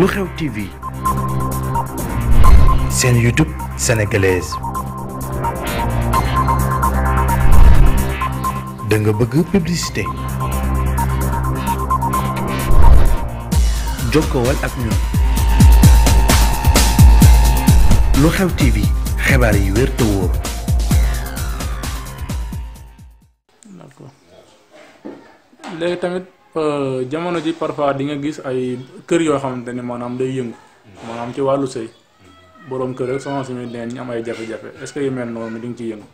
lu xew TV seen YouTube sénégalaise da nga bëgg publicité jokkowal ak ñun lu TV xibaar yi wér te wóor. Euh, jamono ji parfois di nga gis ay kër yoo xamante ni maanaam day yëngu maanaam ci wàllu sëy boroom kër ak soxna si ñu am ay jafe-jafe est-ce que yu mel noonu di nga ciy yëngu.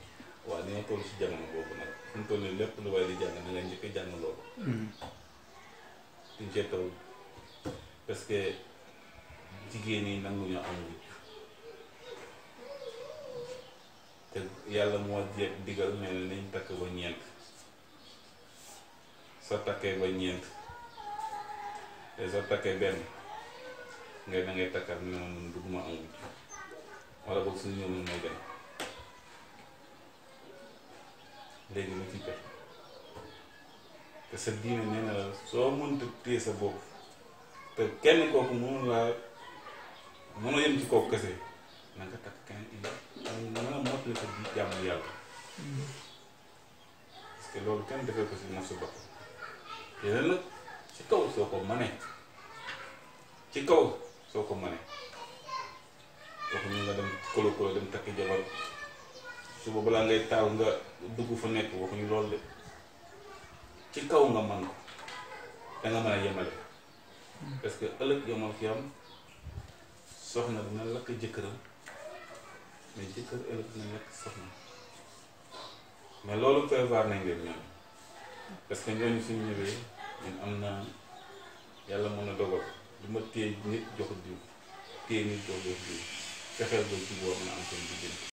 waa dañoo toll si jamono boobu nag fi mu lépp lu waay di jàng da a jàng loolu. Hmm. duñ cee jigéen ñi nangu yàlla moo jeeg digal mel nañ takk ba ñeent. soo takkee ba ñeent te soo takkee benn ngay da ngay takkaat man dugguma am wujj wala boog suñu ñëw mooy dem sa diine nee na la soo mënta téye sa bopp te kenn kooku mënu laa mën a yem ci kooku kese na nga takk kenn indi mën a mottali sa jàmm yàlla mm-hmm. parce que loolu kenn defee ko si mosu bopp dina la ci kaw soo ko mënee ci kaw soo ko mënee waxuñu nga dem kolo kolo dem takk jabar suba balaa ngay taal nga dugg fa nekk waxuñu loolu de ci kaw nga mën ko da nga mën a yemale parce que yomal fi am soxna dina lakk jëkkëram mais jëkkër ëllëg dina lakk soxna mais loolu prévoir nañ leen ñoom parce que ñooñu si ñëwee ñun am na yàlla mën a dogal du ma téye nit jox diw téye nit jox diw fexeel ba juboo mën a am seen diggante